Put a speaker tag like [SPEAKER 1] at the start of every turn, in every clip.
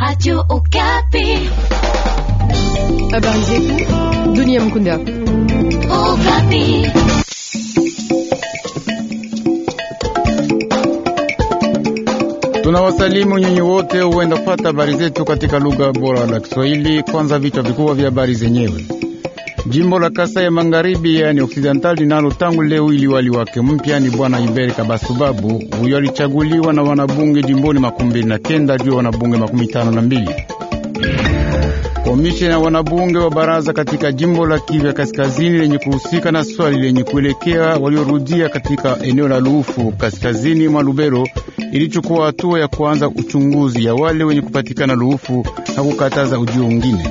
[SPEAKER 1] Radio Okapi. Habari eh zetu
[SPEAKER 2] dunia
[SPEAKER 3] mkunda.
[SPEAKER 1] Okapi.
[SPEAKER 3] Tunawasalimu nyinyi wote, huenda fata habari zetu katika lugha bora la Kiswahili. Kwanza vichwa vikubwa vya habari zenyewe. Jimbo la Kasai Magharibi, yani Occidental, linalo tangu leo ili wali wake mpya ni bwana Iberi Kabasubabu. Huyo alichaguliwa na wanabunge jimboni makumi mbili na kenda juu ya wanabunge makumi tano na mbili. Komisheni ya wanabunge wa baraza katika jimbo la Kivu ya Kaskazini lenye kuhusika na swali lenye kuelekea waliorudia katika eneo la Luufu kaskazini mwa Lubero ilichukua hatua ya kuanza uchunguzi ya wale wenye kupatikana Luufu na kukataza ujio mwingine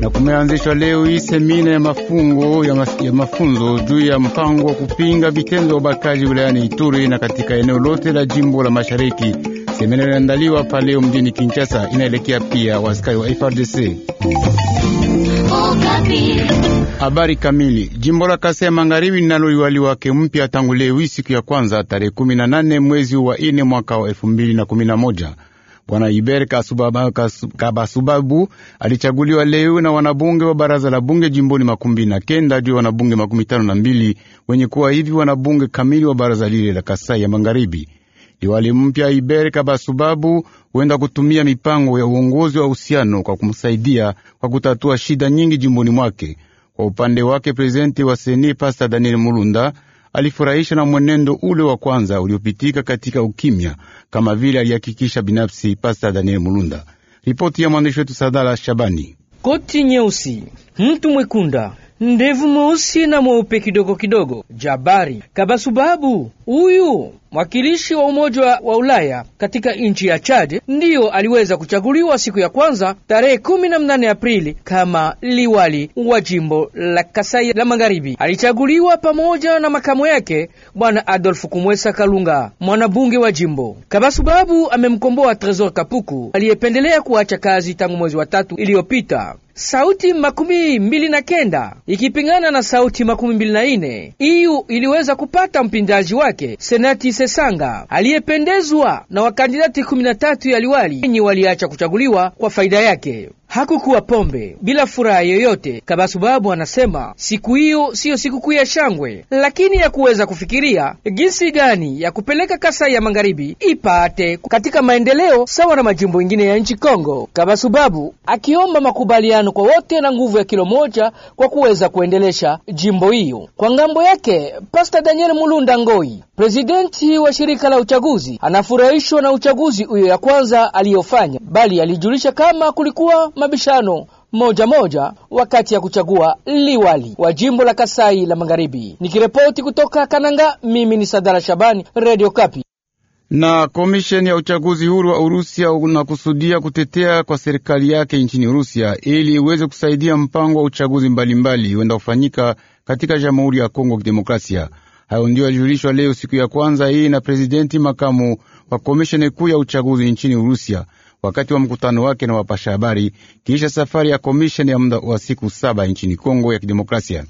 [SPEAKER 3] na kumeanzishwa leo hii semina ya mafungo ya, maf ya mafunzo juu ya mpango wa kupinga vitendo vya ubakaji wilayani Ituri na katika eneo lote la jimbo la Mashariki. Semina inaandaliwa pa leo mjini Kinshasa, inaelekea pia waaskari wa FRDC. Habari kamili. Jimbo la Kasai ya Magharibi linalo liwali wake mpya tangu leo hii siku ya kwanza tarehe 18 mwezi wa 4 mwaka wa 2011. Bwana Iber Kabasubabu alichaguliwa leo na wanabunge wa baraza la bunge jimboni makumi na kenda juu ya wanabunge makumi tano na mbili wenye kuwa hivi wanabunge kamili wa baraza lile la Kasai ya Magharibi. Liwali mpya Iber Kabasubabu huenda kutumia mipango ya uongozi wa uhusiano kwa kumsaidia kwa kutatua shida nyingi jimboni mwake. Kwa upande wake, prezidenti wa Seni Pasta Daniel Mulunda alifurahisha na mwenendo ule wa kwanza uliopitika katika ukimya, kama vile alihakikisha binafsi Pasta Daniel Mulunda. Ripoti ya mwandishi wetu Sadala Shabani. Koti nyeusi, mtu
[SPEAKER 2] mwekunda ndevu mweusi na mweupe kidogo kidogo. Jabari Kabasubabu, huyu Mwakilishi wa Umoja wa Ulaya katika nchi ya Chad ndiyo aliweza kuchaguliwa siku ya kwanza tarehe 18 Aprili kama liwali wa jimbo la Kasai la Magharibi. Alichaguliwa pamoja na makamu yake bwana Adolf Kumwesa Kalunga, mwanabunge wa jimbo. Kabasubabu amemkomboa Tresor Kapuku aliyependelea kuacha kazi tangu mwezi wa tatu iliyopita sauti makumi mbili na kenda ikipingana na sauti makumi mbili na ine. iyu iliweza kupata mpindaji wake senati Sesanga aliyependezwa na wakandidati 13 ya liwali yenye waliacha kuchaguliwa kwa faida yake hakukuwa pombe bila furaha yoyote. Kabasubabu anasema siku hiyo siyo sikukuu ya shangwe, lakini ya kuweza kufikiria jinsi gani ya kupeleka Kasai ya Magharibi ipate katika maendeleo sawa na majimbo mengine ya nchi Kongo. Kabasubabu akiomba makubaliano kwa wote na nguvu ya kilo moja kwa kuweza kuendelesha jimbo hiyo. Kwa ngambo yake, Pastor Daniel Mulunda Ngoi, prezidenti wa shirika la uchaguzi, anafurahishwa na uchaguzi huyo ya kwanza aliyofanya, bali alijulisha kama kulikuwa mabishano moja moja wakati ya kuchagua liwali wa jimbo la Kasai la Magharibi. Nikiripoti kutoka Kananga, mimi ni Sadara Shabani, Radio Kapi.
[SPEAKER 3] Na komisheni ya uchaguzi huru wa Urusia unakusudia kutetea kwa serikali yake nchini Urusia ili iweze kusaidia mpango wa uchaguzi mbalimbali huenda kufanyika katika Jamhuri ya Kongo Kidemokrasia. Hayo ndio yalijulishwa leo siku ya kwanza hii na prezidenti makamu wa komisheni kuu ya uchaguzi nchini Urusia wakati wa mkutano wake na wapasha habari kisha safari ya komisheni ya muda wa siku saba nchini Kongo ya Kidemokrasia.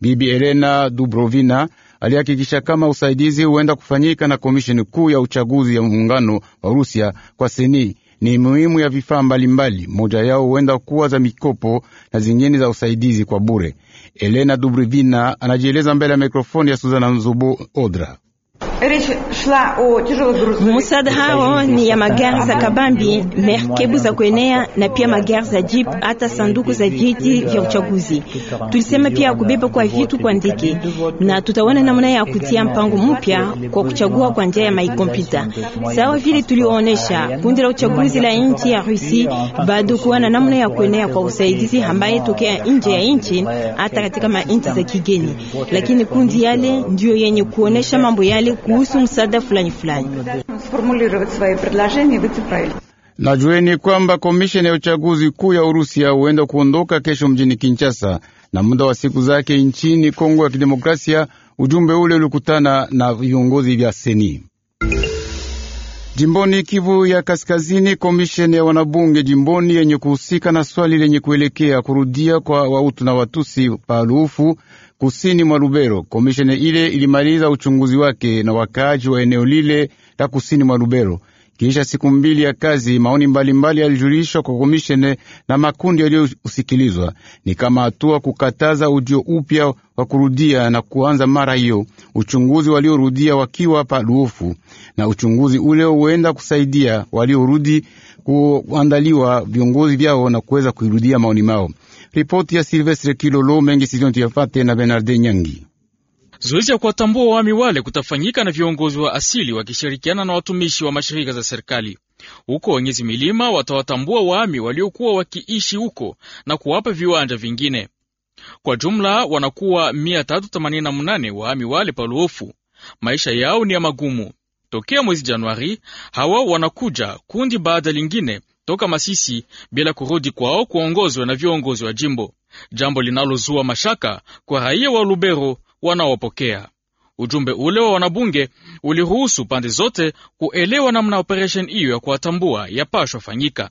[SPEAKER 3] Bibi Elena Dubrovina alihakikisha kama usaidizi huenda kufanyika na komisheni kuu ya uchaguzi ya muungano wa Rusia kwa seni ni muhimu ya vifaa mbalimbali, moja yao huenda kuwa za mikopo na zingine za usaidizi kwa bure. Elena Dubrivina anajieleza mbele ya mikrofoni ya Suzana Nzubu Odra.
[SPEAKER 1] Musaada ni ya magari za kabambi, merkebu za kuenea na pia magari za jeep, hata sanduku za vyeti vya uchaguzi. Tulisema pia kubeba kwa vitu kwa ndege, na tutaona namna ya kutia mpango mpya kwa kuchagua kwa njia ya maikompyuta. Sawa vile tulioonyesha kundi la uchaguzi la nchi ya Rusi, bado kuwa na namna ya kuenea kwa usaidizi ambaye tokea nje ya nchi, hata katika manchi za kigeni, lakini kundi yale ndio yenye kuonesha mambo yale kuhusu msaada fulani fulani.
[SPEAKER 3] Na kwamba komisheni ya uchaguzi kuu ya Urusi huenda kuondoka kesho mjini Kinshasa na muda wa siku zake nchini Kongo ya Kidemokrasia. Ujumbe ule ulikutana na viongozi vya seni jimboni Kivu ya Kaskazini. Komisheni ya wanabunge jimboni yenye kuhusika na swali lenye kuelekea kurudia kwa wautu na watusi paluufu kusini mwa Lubero. Komishene ile ilimaliza uchunguzi wake na wakaaji wa eneo lile la kusini mwa Lubero. Kisha siku mbili ya kazi, maoni mbalimbali yalijulishwa kwa komishene na makundi yaliyosikilizwa, ni kama hatua kukataza ujio upya wa kurudia na kuanza mara hiyo uchunguzi waliorudia wakiwa pa Luofu, na uchunguzi ule huenda kusaidia waliorudi kuandaliwa viongozi vyao na kuweza kuirudia maoni mao. Ripoti ya Silvestre Kilolo mengi sizotuyafate na Benarde Nyangi.
[SPEAKER 4] Zoezi ya kuwatambua wami wale kutafanyika na viongozi wa asili wakishirikiana na watumishi wa mashirika za serikali huko Wenyezi Milima. Watawatambua wami waliokuwa wakiishi huko na kuwapa viwanja vingine. Kwa jumla wanakuwa 388 waami wale paluofu. Maisha yao ni ya magumu Tokea mwezi Januari hawa wanakuja kundi baada lingine toka Masisi bila kurudi kwao kuongozwa na viongozi wa jimbo, jambo linalozua mashaka kwa raia wa Lubero wanaopokea Ujumbe ule wa wanabunge uliruhusu pande zote kuelewa namna operesheni hiyo ya kuwatambua yapashwa fanyika.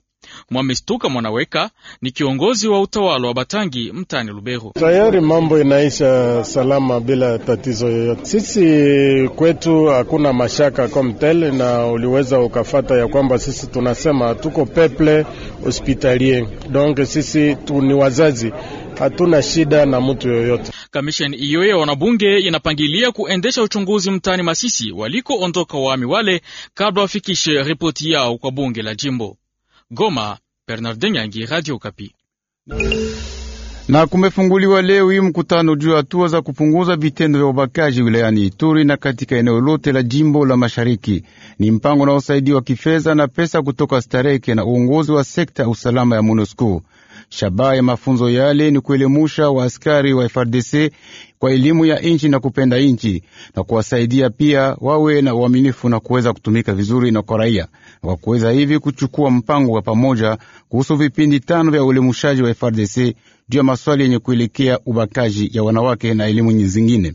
[SPEAKER 4] Mwamestuka Mwanaweka ni kiongozi wa utawala wa Batangi mtani Lubero.
[SPEAKER 3] Tayari mambo inaisha salama bila tatizo yoyote. Sisi kwetu hakuna mashaka komtel, na uliweza ukafata ya kwamba sisi tunasema tuko peple hospitalier, donc sisi tu ni wazazi, hatuna shida na mtu yoyote.
[SPEAKER 4] Kamisheni hiyo ya wanabunge inapangilia kuendesha uchunguzi mtaani Masisi walikoondoka waami wale kabla wafikishe ripoti yao kwa bunge la jimbo. Goma, Bernard Yangi, Radio Kapi.
[SPEAKER 3] Na kumefunguliwa leo hii mkutano juu ya hatua za kupunguza vitendo vya ubakaji wilayani Ituri na katika eneo lote la jimbo la Mashariki. Ni mpango unaosaidiwa kifedha na pesa kutoka Stareke na uongozi wa sekta ya usalama ya MONUSCO. Shabaha ya mafunzo yale ni kuelimusha waaskari wa FRDC kwa elimu ya nchi na kupenda nchi na kuwasaidia pia wawe na uaminifu na kuweza kutumika vizuri na kwa raia, na kwa kuweza hivi kuchukua mpango wa pamoja kuhusu vipindi tano vya uelimushaji wa FRDC juu ya maswali yenye kuelekea ubakaji ya wanawake na elimu zingine.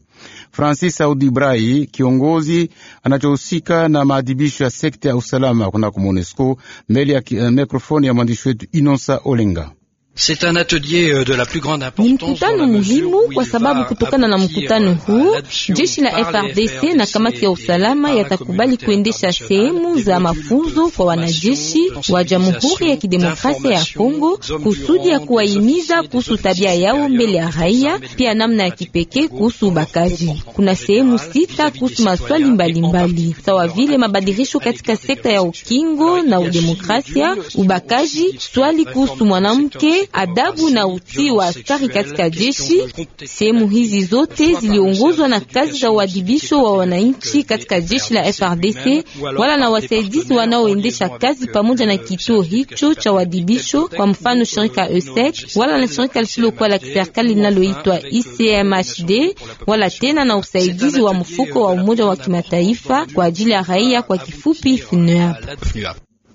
[SPEAKER 3] Francis Audi Brai, kiongozi anachohusika na maadhibisho ya sekta ya usalama kunako MONUSCO, mbele ya eh, mikrofoni ya mwandishi wetu Inosa Olenga.
[SPEAKER 2] C'est un atelier euh, de la plus grande importance. Ni mkutano
[SPEAKER 1] muhimu kwa sababu kutokana na mkutano euh, huu jeshi la FRDC na kamati ya usalama yatakubali kuendesha sehemu za mafunzo kwa wanajeshi wa Jamhuri ya Kidemokrasia ya Kongo kusudi ya kuwahimiza kuhusu tabia yao mbele ya raia, pia namna ya kipekee kuhusu ubakaji. Kuna sehemu sita kuhusu maswali mbalimbali sawa vile mabadilisho katika sekta ya ukingo na udemokrasia, ubakaji, swali kuhusu mwanamke adabu na utii wa askari katika jeshi. Sehemu hizi zote ziliongozwa na kazi za uadibisho wa wananchi katika jeshi la FRDC, wala na wasaidizi wanaoendesha kazi pamoja na kituo hicho cha uadibisho, kwa mfano shirika ESEC wala na shirika lisilokuwa la kiserikali linaloitwa ICMHD, wala tena na usaidizi wa mfuko wa Umoja wa Kimataifa kwa ajili ya raia, kwa kifupi FNUAP.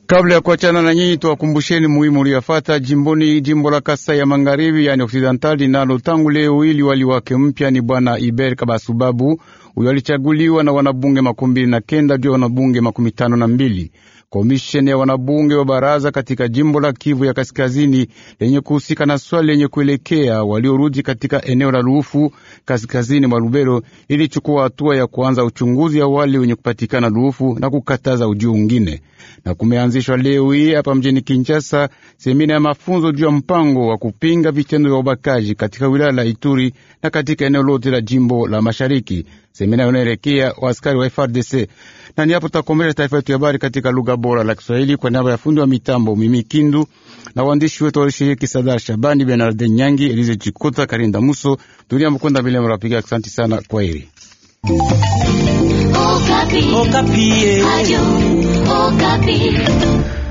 [SPEAKER 3] Kabla ya kuachana na nyinyi, tuwakumbusheni muhimu uliyafata jimboni, jimbo la Kasai ya Magharibi, yani Occidental, linalo tangu leo ili wali wake mpya ni bwana Iber Kabasubabu. Huyo alichaguliwa na wanabunge makumi mbili na kenda juu ya wanabunge makumi tano na mbili komisheni ya wanabunge wa baraza katika jimbo la Kivu ya kaskazini lenye kuhusika na swali lenye kuelekea waliorudi katika eneo la Luufu kaskazini mwa Lubero ilichukua hatua ya kuanza uchunguzi ya wale wenye kupatikana Luufu na kukataza ujio mwingine. Na kumeanzishwa leo hii hapa mjini Kinshasa semina ya mafunzo juu ya mpango wa kupinga vitendo vya ubakaji katika wilaya la Ituri na katika eneo lote la jimbo la Mashariki, semina inayoelekea waaskari wa FRDC. Na ni hapo tutakomesha taarifa yetu ya habari katika lugha bora la Kiswahili kwa niaba ya fundi wa mitambo Mimi Kindu na waandishi wetu walishiriki Sadar Shabani, Benard Nyangi, Elize Chikota, Karinda Muso, Dunia Mkonda Mbele Mrapiga. Asante sana, kwa heri.
[SPEAKER 4] Oh, Okapi. Okapi. Eh. Oh,